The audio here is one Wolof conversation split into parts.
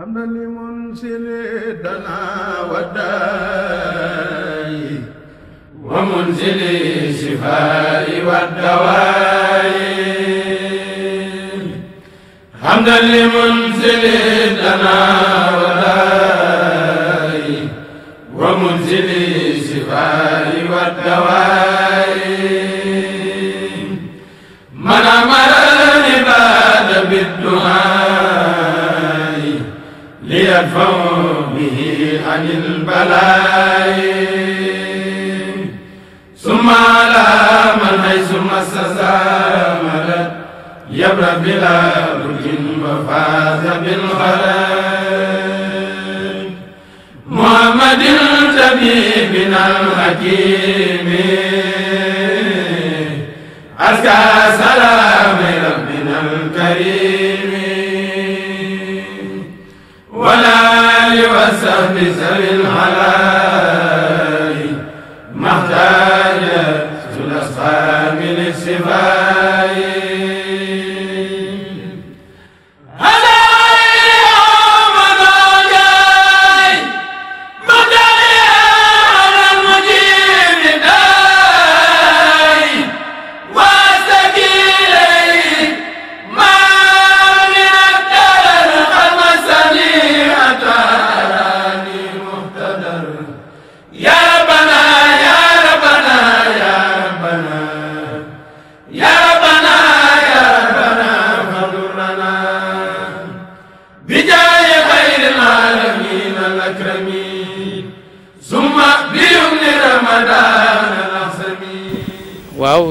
حمدا لمنسل دنا وداي ومنزل الشفاء والدواء حمدا لمنزل دنا وداي ومنزل الشفاء والدواء يدفع به عن البلاء ثم على من حيث مستثمرت يبرأ بلا برج وفاز بالخلاء محمد طبيبنا الحكيم أزكى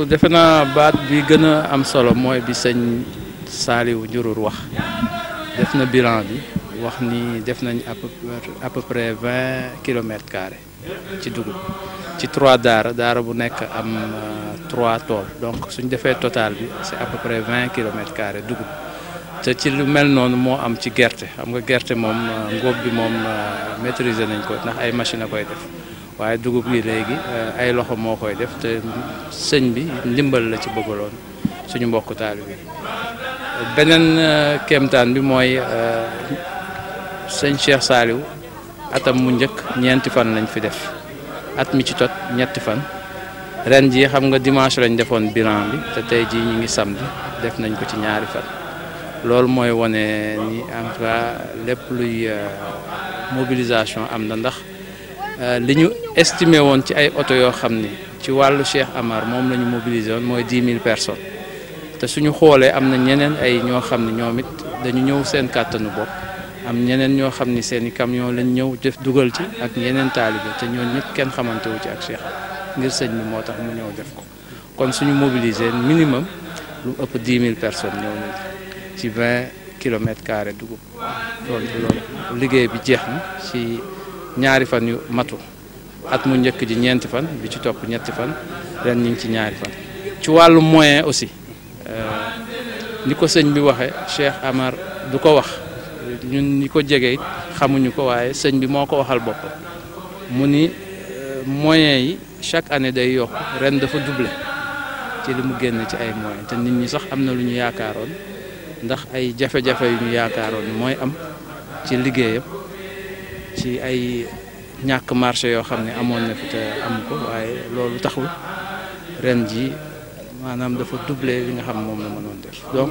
defe naa baat bi gën a am solo mooy bi sëñ Saliou Ndiour wax def na bilan bi wax ni def nañ à peu près vingt ci dugub ci trois daara daara bu nekk am euh, trois tool donc suñ defee total bi c'est à peu près vingt kilomètres carrés dugub te ci lu mel noonu moo am ci gerte xam nga gerte moom euh, ngóob bi moom euh, maîtriser nañ ko ndax ay machine a koy def waaye dugub gi léegi eh, ay loxo moo koy def te sëñ bi ndimbal la ci bëggaloon suñu mbokk taali bi beneen eh, kéemtaan bi mooy eh, sëñ Cheikh Saliou atam mu njëkk ñeenti fan lañ fi def at mi ci tot ñetti fan ren jii xam nga dimanche lañ defoon bilan bi te tey jii ñu ngi samedi def nañ ko ci ñaari fan loolu mooy wane ni en lépp luy mobilisation am na ndax Euh, li ñu estimé woon ci ay oto yoo xam ni ci wàllu Cheikh Amar moom la ñu mobilisé woon mooy dix mille personnes te suñu xoolee am na ñeneen ay ñoo xam ne ñoom it dañu ñëw seen kàttanu bopp am ñeneen ñoo xam ni seen i camion lañ ñëw def dugal ci ak ñeneen taalibe te ñoo ñëpp kenn xamantewu ci ak Cheikh ngir sëñ bi moo tax mu ñëw def ko kon suñu mobiliser minimum lu ëpp dix mille personnes ñëw nañ ci vingt kilomètres carrés dugub liggéey bi jeex na ci. ñaari fan yu matu at mu njëkk ji ñeenti fan bi ci topp ñetti fan ren ñu ngi ci ñaari fan ci wàllu moyen aussi euh, ni ko sëñ bi waxee Cheikh Amar du ko wax ñun ni ko jege it xamuñu ko waaye sëñ bi moo ko waxal boppam mu ni euh, moyens yi chaque année day yokk ren dafa juble ci li mu génn ci ay moyens te nit ñi sax am na lu ñu yaakaaroon ndax ay jafe-jafe yu ñu yaakaaroon mooy am ci liggéeyam ci ay ñàkk marché yoo xam ne amoon na fi te amu ko waaye loolu taxul ren ji maanaam dafa doublé li nga xam ne moom la mënoon def donc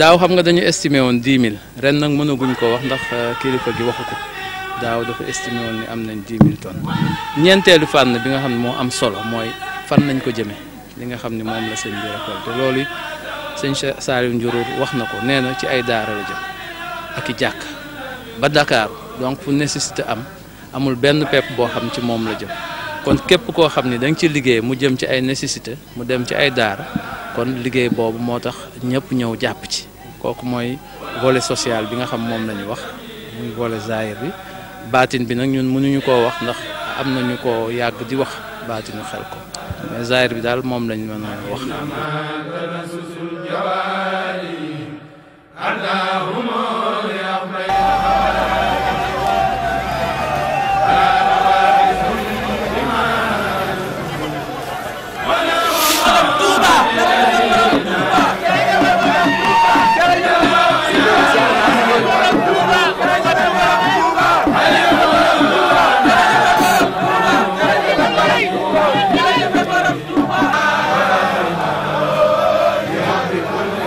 daaw xam nga dañu estimé woon dix mille ren nag mënaguñ ko wax ndax euh, kilifa gi waxu ko daaw dafa estimé woon am nañ dix mille tonnes ñeenteelu fànn bi nga xam ne moo am solo mooy fan nañ ko jëmee li nga xam ne moom la sëñ bi récolté loolu it sëñ Saliou Ndiour wax na ko nee na ci ay daara la jëm ak i jàkk ba Dakar donc fu nécessité am amul benn pepp boo xam ci moom la jëm kon képp koo xam ni danga nga ci liggéey mu jëm ci ay nécessité mu dem ci ay daara kon liggéey boobu moo tax ñëpp ñëw jàpp ci kooku mooy volet social bi nga xam moom la ñu wax muy volet zaahir bi baatin bi nag ñun mënuñu koo wax ndax am nañu ko yàgg di wax baatinu xel ko mais zaahir bi daal moom lañu mën a wax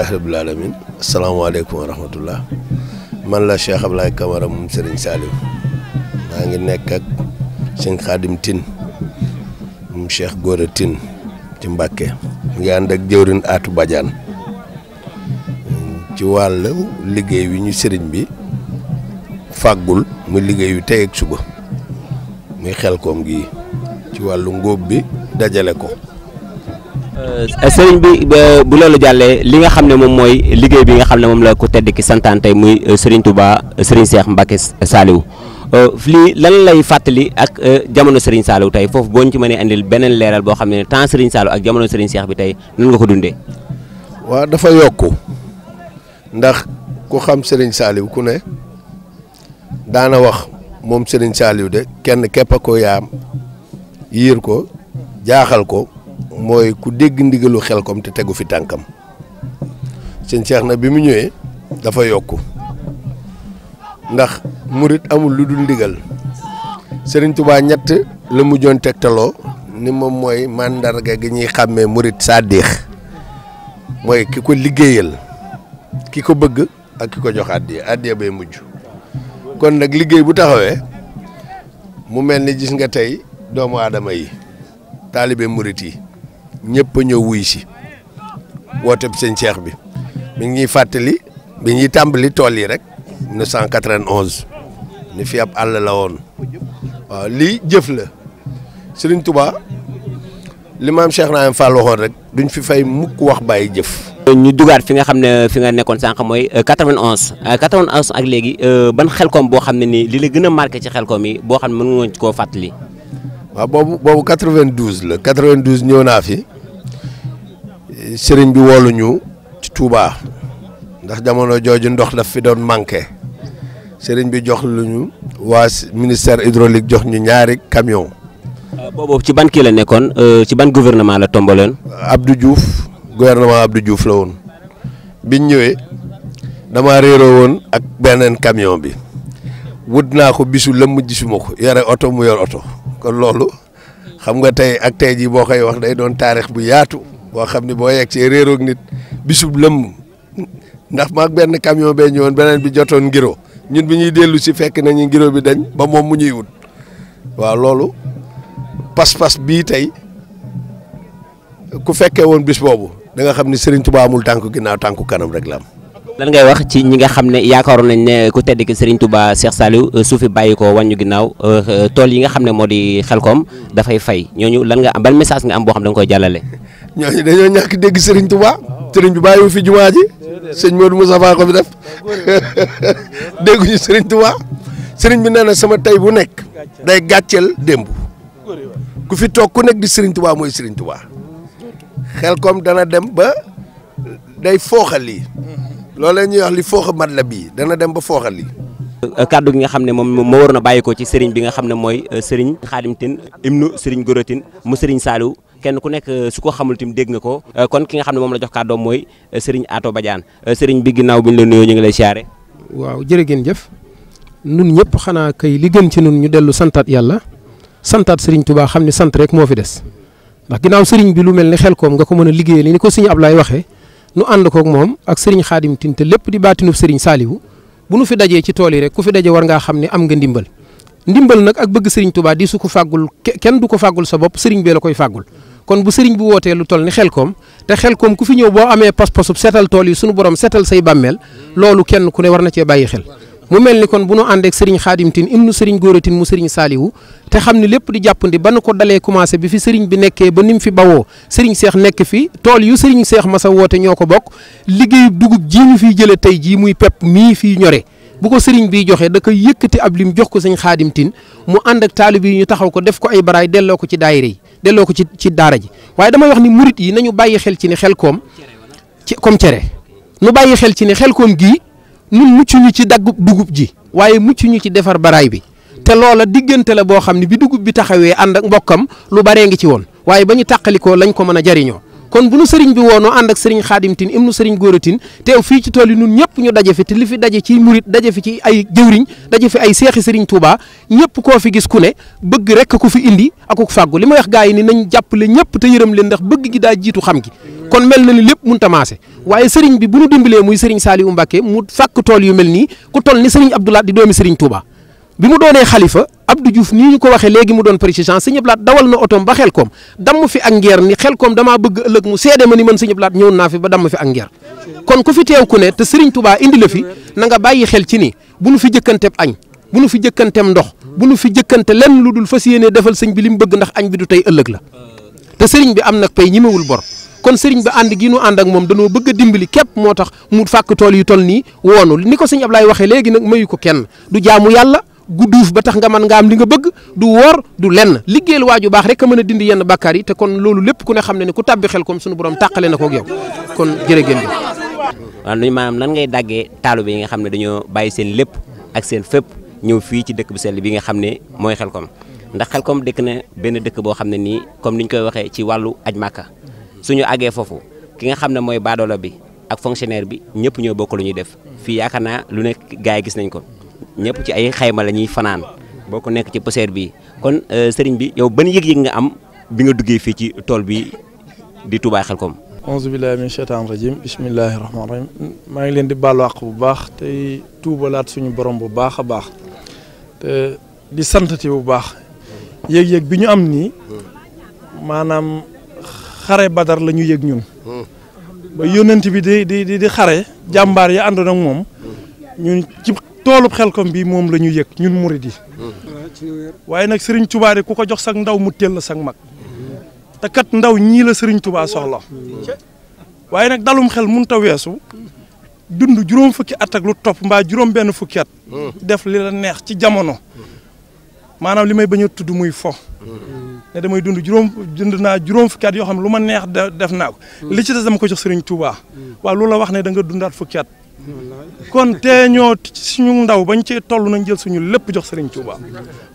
alhamdulilahi rabil alamin asalaamaaleykum wa rahmatullah man la Cheikh Ablaye Camara moom Serigne Saliou maa ngi nekk ak sëñ Xaadim Tine moom Cheikh Gora Tine ci Mbàkke mi ngi ànd ak jëwrin Aatu Badiane ci wàllu liggéey wi ñu sëriñ bi fàggul mu liggéey yu tey ak suba muy xel koom gi ci wàllu ngóob bi dajale ko Euh, sëriñ bi bu loolu jàllee li nga xam ne moom mooy liggéey bi nga xam ne moom la ko tedd ki santaan tey muy euh, sëriñ Touba euh, sëriñ seex Mbacke saaliw lii lan lay fàttali ak jamono sëriñ Saliou tey foofu boo ñu ci mënee indil beneen leeral boo xam ne temps sëriñ Saliou ak jamono sëriñ seex bi tey nan nga ko dundee. waaw dafa yokku ndax ku xam sëriñ Saliou ku ne daana wax moom sëriñ Saliou de kenn képp ko yaam yiir ko jaaxal ko. mooy ku dégg ndigalu xelkom te tegu fi tànkam sëñ na bi mu ñëwee dafa yokk ndax murit amul lu dul ndigal sëriñ Touba ñett la mujjoon tegtaloo ni moom mooy màndarga gi ñuy xàmmee murit saadix mooy ki ko liggéeyal ki ko bëgg ak ki ko jox àddiya àddiya bay mujj kon nag liggéey bu taxawee mu mel ni gis nga tey doomu aadama yi taalibe murit yi ñépp a ñëw wuy si woote bu sëñ Cheikh bi mi ngi ñuy fàttali bi ñuy tàmbali tool yi rek 1991 ni fi ab àll la woon waaw lii jëf la Serigne Touba li maam Cheikh Naim Fall waxoon rek duñ fi fay mukk wax baay jëf. ñu dugaat fi nga xam ne fi nga nekkoon sànq mooy 91 euh, 91 euh, ak léegi euh, ban xel koom boo xam ne nii li la gën a marqué ci xelkom yi boo xam ne mën nga koo fàttali. waaw boobu boobu 92 la 92 ñëw naa fi sëriñ bi wooluñu ci Touba ndax jamono jooju ndox daf fi doon manqué sëriñ bi jox luñu waa ministère hydraulique jox ñu ñaari camion euh, boobu ci ban kii la nekkoon euh, ci ban gouvernement la tombaloon. Abdou Diouf gouvernement Abdou Diouf la woon biñ ñëwee dama réeroo woon ak beneen camion bi wut naa ko bisu lëmm gisuma ko yore oto mu yor oto kon loolu xam nga tey ak tey jii boo koy wax day doon taarix bu yaatu. boo xam ni boo yegg see réeroog nit bisub lëmm ndax maag benn camion bee ñëwoon beneen bi jotoon ngiro ñun bi ñuy dellu si fekk nañu ngiro bi dañ ba moom mu ñuy wut waaw loolu pas-pas bii tey ku fekkee woon bis boobu da nga xam ni Serigne Touba amul tànku ginnaaw tànku kanam rek la am. lan ngay wax ci ñi nga xam ne yaakaaroon nañ ne ku tedd ki Serigne Touba seex Saliou euh, suufi fi bàyyi ko wàññu ginnaaw euh, euh, tool yi nga xam ne moo di xel xelkom dafay fay ñu lan nga ban message nga am boo xam da koy jàllale. ñooñu dañoo ñàkk dégg sëriñ Touba sëriñ bi bàyyiwu fi jumaa ji sëñ Modou Moussa ko fi def dégguñu sëriñ Touba sëriñ bi nee na sama tey bu nekk day gàcceel démb ku fi toog ku nekk di sëriñ Touba mooy sëriñ Touba xel comme dana dem ba day fooxal lii loolee ñuy wax li fooxa mat la bii dana dem ba fooxal lii. Euh, kàddu gi nga xam ne moom moo war na bàyyi ko ci sëriñ bi nga xam ne mooy euh, sëriñ Xaadim Tine ibnu sëriñ Goro mu sëriñ Saliou kenn ku nekk euh, su ko xamul tim dégg nga ko euh, kon ki nga xam ne moom la jox kàddoom mooy euh, sëriñ Ato Badiane sëriñ bi ginnaaw bi ñu la nuyoo ñu ngi lay siyaare waaw jërë ngeen jëf nun ñëpp xanaa kay li gën ci nun ñu dellu santaat yàlla santaat sëriñ tubaa xam ne sant rek moo fi des ndax ginnaaw sëriñ bi lu mel ni xel koom nga ko mën a liggéeyee li ni ko sëriñ Ablaye waxee nu ànd koog moom ak sëriñ Xaadim Tine te lépp di baatinub sëriñ Saaliwu bu nu fi dajee ci tool yi rek ku fi daje war ngaa xam ne am nga ndimbal ndimbal nag ak bëgg sëriñ Touba di su ko fàggul kenn du ko fàggul sa bopp sëriñ bee la koy fàggul kon bu sëriñ bu wootee lu toll ni xel koom te xel koom ku fi ñëw boo amee pas-pasub tool yi sunu borom seetal say bàmmeel loolu kenn ku ne war na cee bàyyi xel. mu mel ni kon bu nu ànd ak sëriñ xaadim tin im nu sëriñ góoratin mu sëriñ saaliwu te xam ni lépp di jàppandi ba nu ko dalee commencé bi fi sëriñ bi nekkee ba ni fi bawoo sëriñ seex nekk fi tool yu sëriñ seex ma sa woote ñoo ko bokk liggéeyu dugub ji ñu fiy jëlee tey jii muy pepp mii fii ñore bu ko sëriñ bi joxee da koy yëkkati ab lim jox ko sëñ xaadim mu ànd ak taalib yi ñu taxaw ko def ko ay baraay delloo ko ci daayira yi delloo ko ci ci daara ji waaye damay wax ni murit yi nañu bàyyi xel ci ne xel koom ci comme cere nu bàyyi xel ci ne xel koom gii nun mucc ñu ci dagg dugub ji waaye mucc ñu ci defar baraay bi te loola diggante la boo xam ne bi dugub bi taxawee ànd ak mbokkam lu baree ngi ci woon waaye ba ñu tàqalikoo lañ ko mën a jariñoo kon bu nu sëriñ bi woonoo ànd ak sëriñ xaadim tin ibnu sëriñ góora tin teew fii ci tool yi nun ñëpp ñu daje fi te li fi daje ci murit daje fi ci ay jëwriñ daje fi ay seexi sëriñ Touba ñëpp koo fi gis ku ne bëgg rek ku fi indi akuk fàggu li ma wax gaa yi ni nañ jàppale ñëpp te yërëm leen ndax bëgg gi daa jiitu xam gi kon mel na ni lépp mun tamaase waaye sëriñ bi bu nu dimbalee muy sëriñ Saliou Mbacké mu fàkk tool yu mel nii ku toll ni sëriñ Abdoulaye di doomi sëriñ Touba bi mu doonee xalifa du Diouf nii ñu ko waxee léegi mu doon président Sëñ Blaat dawal na otoom ba xel koom damm fi ak xel koom damaa bëgg ëllëg mu seede ma ni man Sëñ Blaat ñëwoon naa fi ba damm fi ak ngeer kon ku fi teew ku ne te Serigne Touba indi la fi nanga bàyyi xel ci ni bu nu fi jëkkanteeb añ bu nu fi jëkkanteem ndox bu nu fi jëkkante lenn lu dul fas yéenee defal sëñ bi li mu bëgg ndax añ bi du tey ëllëg la te sëriñ bi am nag pay ñimewul bor kon sëriñ bi ànd gi nu ànd ak moom danoo bëgg a dimbali képp moo tax mu fàkk tool yu toll nii woonu ni ko sëñ Ablaye waxee léegi nag mayu ko kenn du jaamu yàlla gudduuf ba tax nga man nga am li nga bëgg du woor du lenn liggéeyal waaju baax rek a mën a dindi yenn bakkaar yi te kon loolu lépp ku ne xam ne ne ku tàbbi xel kom suñu borom tàqale na ko ak kon jërë ngeen jëf. waaw maanaam lan ngay daggee taalu yi nga xam ne dañoo bàyyi seen lépp ak seen fépp ñëw fii ci dëkk bu sell bi nga xam ne mooy xelkom ndax xelkom dëkk na benn dëkk boo xam ne nii comme niñ koy waxee ci wàllu aj màkka suñu àggee foofu ki nga xam ne mooy baadoola bi ak fonctionnaire bi ñëpp ñoo bokk lu ñuy def fii yaakaar naa lu nekk gars yi gis nañ ko ñëpp ci ay xayma la ñuy fanaan boo ko nekk ci poseer bi kon euh, sëriñ bi yow ban yëg-yëg nga am bi nga duggee fii ci tool bi di Touba Xelkom. auzu billahi min shaytaan rajim bismillahi maa ngi leen di baalu bu baax tey tuubalaat suñu borom bu baax a baax te di santati bu baax yëg-yëg bi ñu am nii maanaam xare badar la ñu ñun ba yónnent bi di di xare jàmbaar ya àndoon ak moom ñun ci toolub xelkom bi moom la ñu yëg ñun muri di waaye nag sëriñ tubaa de ku ko jox sag ndaw mu téel la sag mag te ndaw ñii la sëriñ tubaa soxla waaye nag dalum xel mënut a weesu dund juróom fukki at ak lu topp mbaa juróom benn fukki at def li la neex ci jamono maanaam li may bañ a tudd muy fo ne damay dund juróom dund naa juróom fukki at yoo xam lu ma neex def naa ko li ci des dama ko jox sëriñ tubaa waaw loolu la wax ne da nga dundaat fukki at kon tee ñoo suñu ndaw bañ ci toll nañ jël suñu lépp jox Serigne Touba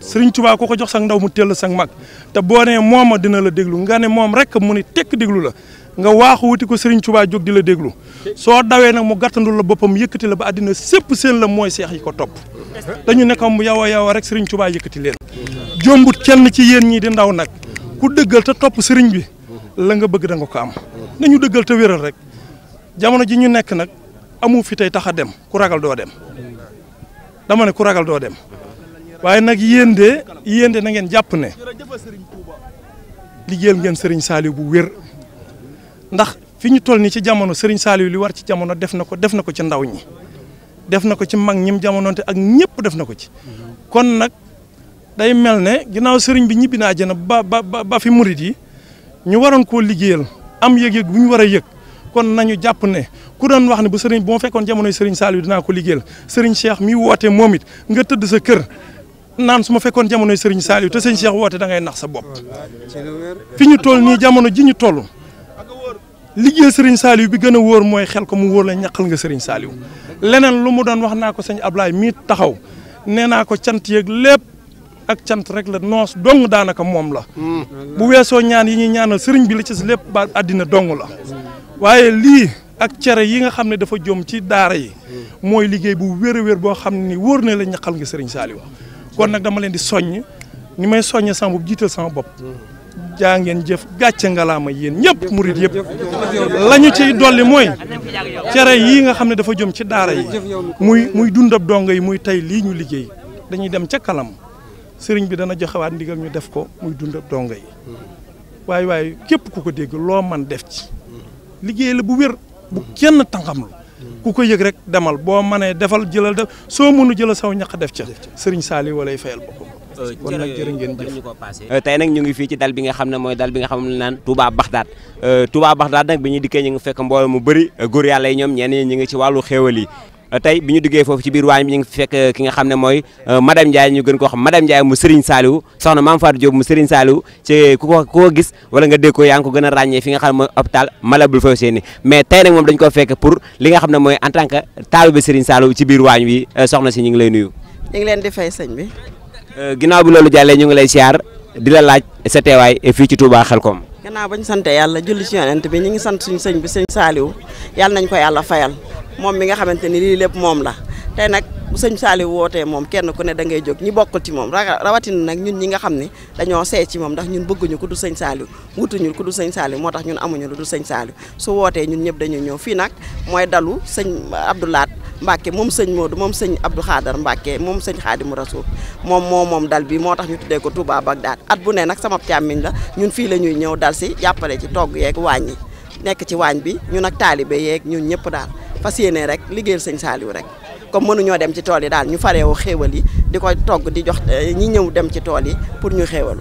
Serigne Touba ku ko jox sax ndaw mu teel sax mag te boo nee a dina la déglu nga ne moom rek mu ni tekk déglu la nga waaxu wuti ko Serigne Touba jóg di la déglu soo dawee nag mu gàttandul la boppam yëkkati la ba àddina sépp seen la mooy seex yi ko topp dañu nekkam yow a yow rek Serigne Touba yëkkati leen jombut kenn ci yéen ñi di ndaw nag ku dëggal te topp Serigne la nga bëgg da nga ko am nañu dëggal te wéral rek jamono ji ñu nekk amu fi tey tax a dem ku ragal doo dem dama ne ku ragal doo dem waaye nag yéen de yéen de na ngeen jàpp ne liggéeyal ngeen Serigne Saliou bu wér ndax fi ñu toll nii ci jamono sëriñ Saliou li war ci jamono def na ko def na ko ci ndaw ñi def na ko ci mag ñim jamonoonte ak ñëpp def na ko ci kon nag day mel ne ginnaaw sëriñ bi ñibbi naa jëna ba ba ba fi murit yi ñu waroon koo liggéeyal am yëg-yëg bu ñu war a yëg kon nañu jàpp ne ku doon wax ne bu sëriñ bu ma fekkoon jamonoy sëriñ Saliou dinaa ko liggéeyal sëriñ Cheikh mi woote moom it nga tëdd sa kër naan su ma fekkoon jamonoy sëriñ Saliou te sëriñ Cheikh woote dangay ngay nax sa bopp. fi ñu toll nii jamono ji ñu toll liggéey sëriñ Saliou bi gën a wóor mooy xel ko mu wóor la ñaqal nga sëriñ Saliou leneen lu mu doon wax naa ko sëñ Ablaye miit taxaw nee naa ko cant yeeg lépp. ak cant rek la noos dong daanaka moom la hmm. bu weesoo ñaan yi ñuy ñaanal sëriñ bi la ci lépp àddina dong la waaye lii ak cere yi nga xam ne dafa jom ci daara yi mooy liggéey bu wér wéer boo xam ne wóor na la ñaqal nga Serigne Saliou kon nag dama leen di soññ ni may soññee sama bopp jiital sama bopp jaa ngeen jëf gàcce ngalaama yéen ñëpp murit yëpp la ñu ciy dolli mooy cere yi nga xam ne dafa jom ci daara yi muy muy dundab dongo yi muy tey lii ñu liggéey dañuy dem ca kalam sëriñ bi dana joxewaat ndigal ñu def ko muy dundab dongo yi waaye waaye képp ku ko dégg loo man def ci liggéey la bu wér bu kenn tànqamlu ku ko yëg rek demal boo mënee defal jëlal def soo mënu jëlal saw ñax def ca sëriñ Saali walay fayal boppam euh, kon nag jërë ngeen jëf euh, tey nag ñu ngi fii ci dal bi nga xam ne mooy dal bi nga xam ne naan Touba Baxdaad euh, Touba Baxdaad nag bi ñu dikkee ñu ngi fekk mbooloo mu bëri góor yàlla yi ñoom ñeen ñenn ñu ngi ci wàllu xéewal yi tey bi ñu duggee foofu ci biir waañ bi ñu fekk ki nga xam ne mooy euh, madame Ndiaye ñu gën koo xam madame Ndiaye mu Serigne Saliou soxna Mame Fatou Diop mu Serigne Saliou ci ko ku ko gis wala nga dégg ko yaa fekk li xam ne mooy en tant que taalibe Serigne Saliou ci biir waañ bi euh, soxna si ñu ñu ngi bi euh, ginnaaw bi loolu jàllee ñu ngi lay siyaar di la laaj sa teewaay fii ci Touba Xelkom gannaaw bañ sante yàlla julli ci yonent bi ñu ngi sant suñu sëñ bi sëñ Saliou yàlla nañ ko yàlla fayal moom mi nga xamante ni lii lépp moom la tey nag sëñ Saliou wootee moom kenn ku ne da ngay jóg ñi bokkul ci moom rawatina nag ñun ñi nga xam ni dañoo seey ci moom ndax ñun bëgguñu ku du sëñ Saliou wutuñu ku du sëñ Saliou moo tax ñun amuñu lu du sëñ Saliou su wootee ñun ñëpp dañu ñëw fii nag mooy dalu sëñ Abdoulaat Mbacke moom sëñ Modou moom sëñ Abdou Khader Mbacke moom sëñ Khadimu Rasoul moom moo moom dal bi moo tax ñu tuddee ko Touba Bagdad at bu ne nag sama càmmiñ la ñun fii la ñuy ñëw dal si jàppale ci togg yeeg waañ yi nekk ci waañ bi ñun ak taalibe yeeg ñun ñëpp daal fas yéene rek liggéey sëñ Saliou rek comme mënuñoo dem ci tool yi daal ñu fareewu xéewal yi di koy togg di jox eh, ñi ñëw dem ci tool yi pour ñu xéewalu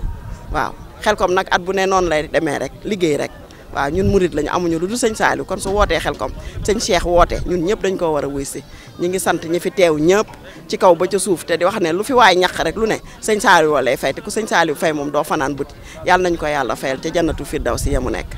waaw xel kom nag at bu ne noonu lay demee rek liggéey rek waaw ñun murit lañu amuñu lu dul sëñ Saliou kon su wootee xel xelkom sëñ Cheikh woote ñun ñëpp dañ koo war a wuy si ñi ngi sant ñi fi teew ñëpp ci kaw ba ca suuf te di wax ne lu fi waaye ñaq rek lu ne sëñ Saliou lay fay te ku sëñ Saliou fay moom doo fanaan buti yàlla nañ ko yàlla fayal te jannatu firdaw si yamu nekk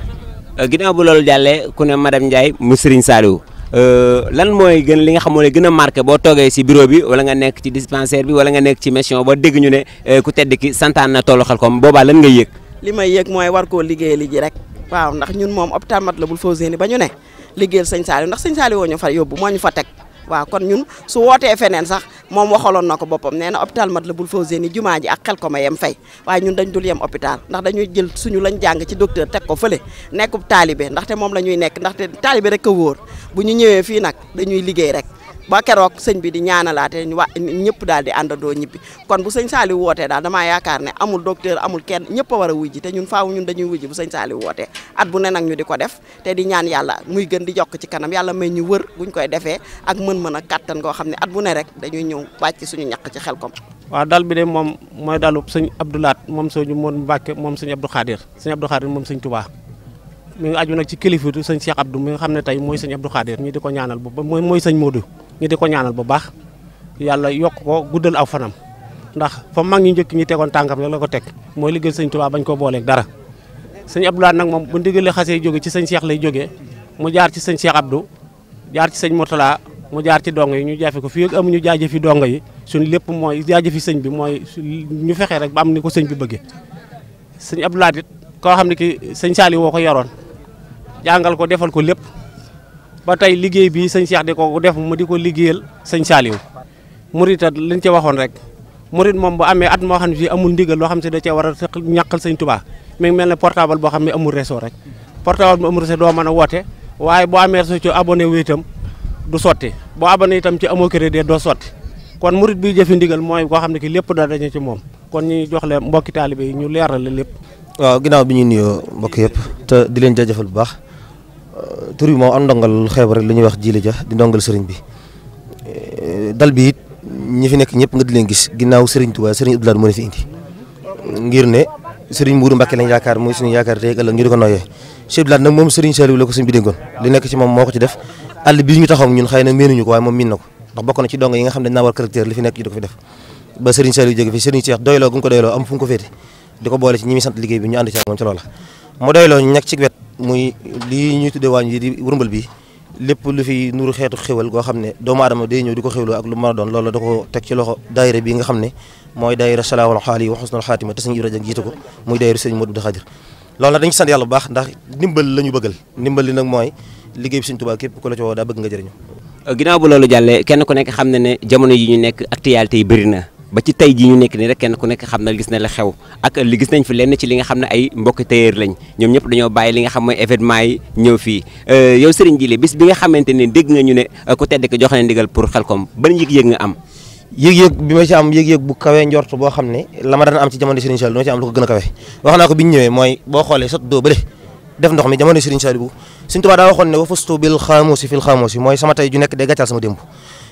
ginnaaw bu loolu jàllee ku ne madame Ndiaye mu Serigne Saliou Euh, lan mooy gën li nga xam ne gën a marqué boo toogee si bureau bi wala nga nekk ci dispensaire bi wala nga nekk ci mission ba dégg ñu ne euh, ku tedd ki santaan na tollu Xelcom boobaa lan nga yëg. li ma yëg mooy war koo liggéey li ji rek waaw ndax ñun moom hôpital Matlaboul Fawzeyni ba ñu ne liggéey sëñ Saliou ndax sëñ Saliou woo ñu fa yóbbu moo ñu fa teg waaw kon ñun su wootee feneen sax moom waxaloon na ko boppam nee na hôpital Matlaboul Fawzeyni jumaa ji ak xel ko ma yem fay waaye ñun dañ dul yem hôpital ndax dañuy jël suñu lañ jàng ci docteur teg ko fële nekkub taalibe ndaxte moom la ñuy nekk ndaxte taalibe rek a wóor bu ñu ñëwee fii nag dañuy liggéey rek ba keroog sëñ bi di ñaanalaate ñu wa ñëpp daal di àndandoo ñibbi kon bu sëñ Saliou wootee daal damaa yaakaar ne amul docteur amul kenn ñëpp war a wujji te ñun faaw ñun dañuy wujji bu sëñ Saliou wootee at bu ne nag ñu di ko def te di ñaan yàlla muy gën di yokk ci kanam yàlla may ñu wër buñ koy defee ak mën-mën a kattan goo xam ne at bu ne rek dañuy ñëw wàcc suñu ñàkk ci xelkom waaw dal bi de moom mooy dalu sëñ Abdoulaat moom sëñ Moon Mbàkke moom sëñ Abdou Khadir sëñ Abdou Khadir moom sëñ Touba mi aju ci kilifatu sëñ Cheikh Abdou mi nga xam ne tey mooy sëñ Abdou Khadir ñu di ko ñaanal bu mooy sëñ Modou ñu di ko ñaanal bu baax yàlla yokk ko guddal aw fanam ndax fa mag ñi njëkk ñi tegoon tànkam rek la ko teg mooy liggéey sëñ Tuubaa bañ ko booleeg dara sëñ Abdoulaye nag moom bu ndigalee xasee jóge ci sëñ Cheikh lay jóge mu jaar ci sëñ Cheikh Abdou jaar ci sëñ Mourtala mu jaar ci dongo yi ñu jaafe ko fii ak amuñu jaajëfi dongo yi suñ lépp mooy jaajëfi sëñ bi mooy ñu fexee rek ba am ni ko sëñ bi bëggee sëñ Abdoulaye it koo xam ne ki sëñ Saliou woo ko yoroon jàngal ko defal ko lépp ba tey liggéey bi sañ Cheikh di ko def mu di ko liggéeyal sëñ Saliou murit liñ ci waxoon rek murit moom bu amee at moo xam ne si amul ndigal loo xam si da cee war a ñàkkal sëñ Touba mi ngi mel ne portable boo xam ne amul réseau rek portable bu amul réseau doo mën a woote waaye boo amee réseau ci abonné wu itam du sotti boo abonné itam ci amoo crédit doo sotti kon murit biy jëfi ndigal mooy koo xam ne ki lépp da dañu ci moom kon ñu jox leen mbokki taalibe ñu leeral la lépp. ginnaaw bi ñu nuyoo mbokk yëpp te di leen jaajëfal bu baax. Euh, tur bi moom am ndongal xeeb rek li ñuy wax jiile ja di ndongal sëriñ bi euh, dal bi it ñi fi nekk ñëpp nga di gis ginnaaw sëriñ Touba sëriñ Abdoulaye moo sëriñ Mourou Mbacke lañ yaakaar mooy li nekk ci moom moo ko ci def àll bi ñu taxaw ñun xëy na meenuñu ko waaye moom miin na ko ndax bokk na ci dong yi xam ne naa war caractère li fi nekk ñu di fi def ba sëriñ Saliou jóge fi sëriñ Cheikh doyloo gu ko doyloo am fu ko di ko boole ci ñi mi mu dee ñu nekk ci wet muy lii ñuy tuddee waañ yi di wërmbal bi lépp lu fi nuru xeetu xéwal goo xam ne doomu aadama day ñëw di ko xéwloo ak lu mën a doon loolu da ko teg ci loxo daayira bi nga xam ne mooy daayira salaawal xaali wa xusnul xaatima te sëñ Ibrahima jiite ko muy daayira sëñ Modou Khadir loolu nag dañ sant yàlla bu baax ndax ndimbal la ñu bëggal ndimbal li nag mooy liggéey bi sëñ Tuubaa képp ku la woo daa bëgg nga jëriñu ginnaaw bu loolu jàlle kenn ku nekk xam ne ne jamono yi ñu nekk actualité yi bëri na ba ci tey jii ñu nekk ni rek kenn ku nekk xam na gis na la xew ak li gis fi lenn ci li nga xam ne ay mbokk tailleur lañ ñoom ñëpp dañoo bàyyi li nga xam mooy événement yi euh, bi nga xamante ne dégg nga ñu ne euh, ku tedd ki joxe na ndigal pour Khelcom ban yëg-yëg nga am yëg-yëg bu kawe njort boo xam ne la ma daan am ci jamono Serigne Saliou dama ci a kawe wax naa ko bi ñu ñëwee xoolee sot doo bële def ndox ne wa fustu bil xaamusi fil xaamusi mooy sama tey ju nekk day gàccal sama démb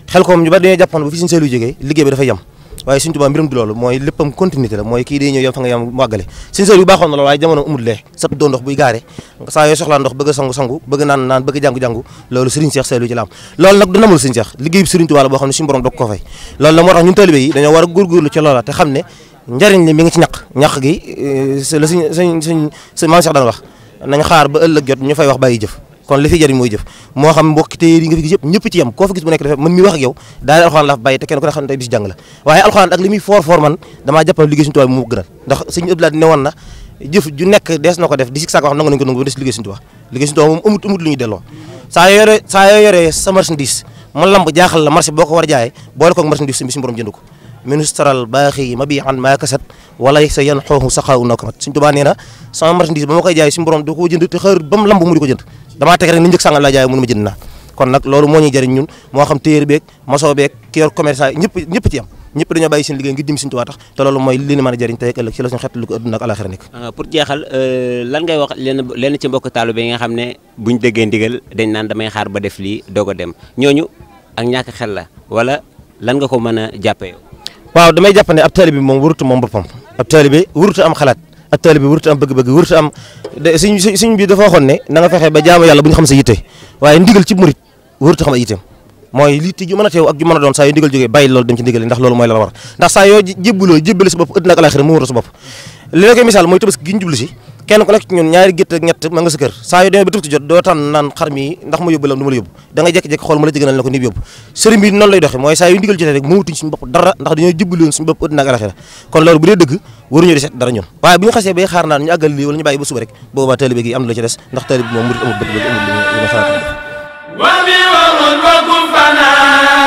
Khelcom ñu ba dañoo jàppoon bu fi Serigne Saliou jógee liggéey bi dafay yam waaye Sëriñ Tuubaa mbiram du loolu mooy léppam continuité la mooy kii day ñëw yam fa yam wàggale suñu sër yu baaxoon na loolu waaye jamono amul lee sat doo ndox buy gaare saa yooyu soxlaa ndox bëgg a sangu-sangu bëgg naan naan bëgg jàngu-jàngu loolu Sëriñ Seex seelu ci la loolu nag du namul Sëriñ Seex liggéey bi Sëriñ Tuubaa la boo xam ne suñu borom dog ko fay loolu la moo tax ñun taalibe dañoo war a góorgóorlu ci loola te xam ne njariñ li mi ci ñaq gi la suñ suñ suñ maam wax nañ xaar ba ëllëg jot ñu fay wax bàyyi jëf kon li fi mooy jëf moo xam mbokki téere yi nga fi gis yëpp ñëpp ci yam koo fa gis bu nekk dafa man mi wax ak yow daal alxuraan laa fa bàyyi te kenn na ko def di sik saak wax nangu nañ ko nangu ba liggéey suñu liggéey suñu tubaab moom amut lu ñuy delloo saa yoo yore saa sa marchandise mu lamb jaaxal la marché boo ko war a jaayee boole ko ak marchandise suñu borom jënd ko min ustaral baaxi mabi an maa kasat walay sa yan xooxu saxaaw nakmat suñ tubaa nee na sama marchandise ba ma koy jaay suñu borom da koo jënd te xaarut ba lamb mu di ko jënd ma jënd naa kon nag loolu moo am ñëpp dañoo bàyyi seen liggéey ngir dim suñu tubaa tax te loolu mooy li ni a jëriñ tey ak ëllëg ci la suñu xeet ah, euh, damay xaar ba def lii doog a dem ñooñu ak ñàkk xel la wala lan nga ko mën a jàppe yow waaw damay jàpp ne ab taalibe moom warutu moom boppam ab taalibe warutu am xalaat ab taalibe warutu am bëgg-bëgg warutu am suñ suñ bi dafa waxoon ne a ak ju a doon saa yu ndigal jógee bàyyi loolu dem ci ndigal ndax loolu mooy la war ndax saa yoo jébbaloo jébbali sa bopp ëtt nag mu war sa bopp misaal mooy tabaski gi ñu kenn ku nekk ci ñun ñaari gétt ak ñett ma nga sa kër saa yoo demee jot doo tànn naan xar mi ndax ma yóbbu lam du la yóbbu da nga jékki xool mu la ci gënal ne ko nit yóbbu sëriñ bi noonu lay doxe mooy saa yu ndigal dara ndax dañoo jubbiloon suñu bopp àddina ak alaxira kon loolu bu dee dëgg waruñu di seet dara ñun waaye bu ñu xasee bay xaar naan ñu àggal lii ñu bàyyi ba suba rek boobaa taalibe gi am la ci ndax taalibe moom murid amul bëgg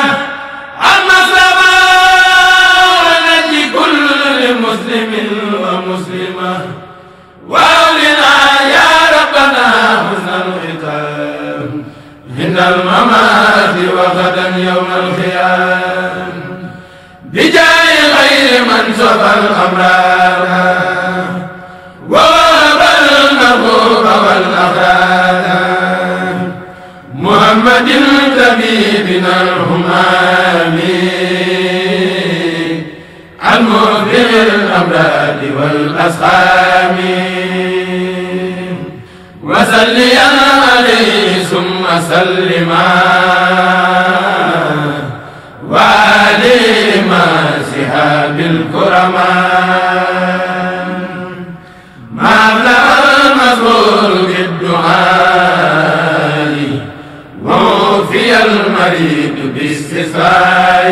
amul lu ma عند الممات وغدا يوم الخيام بجاه غير من سبى الأبرار ووهب المرغوب والأغرار محمد طبيبنا الهمام المغفر الأمراض والأسقام وسلي عليه سلما وعلي ماسها بالكرماء مبلغ المزور بالدعاء وفي المريض باستسقاء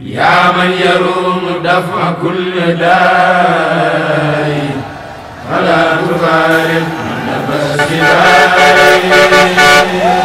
يا من يروم دفع كل داء Thank you.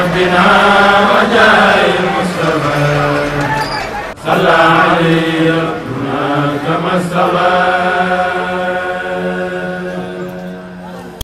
ربنا وجائر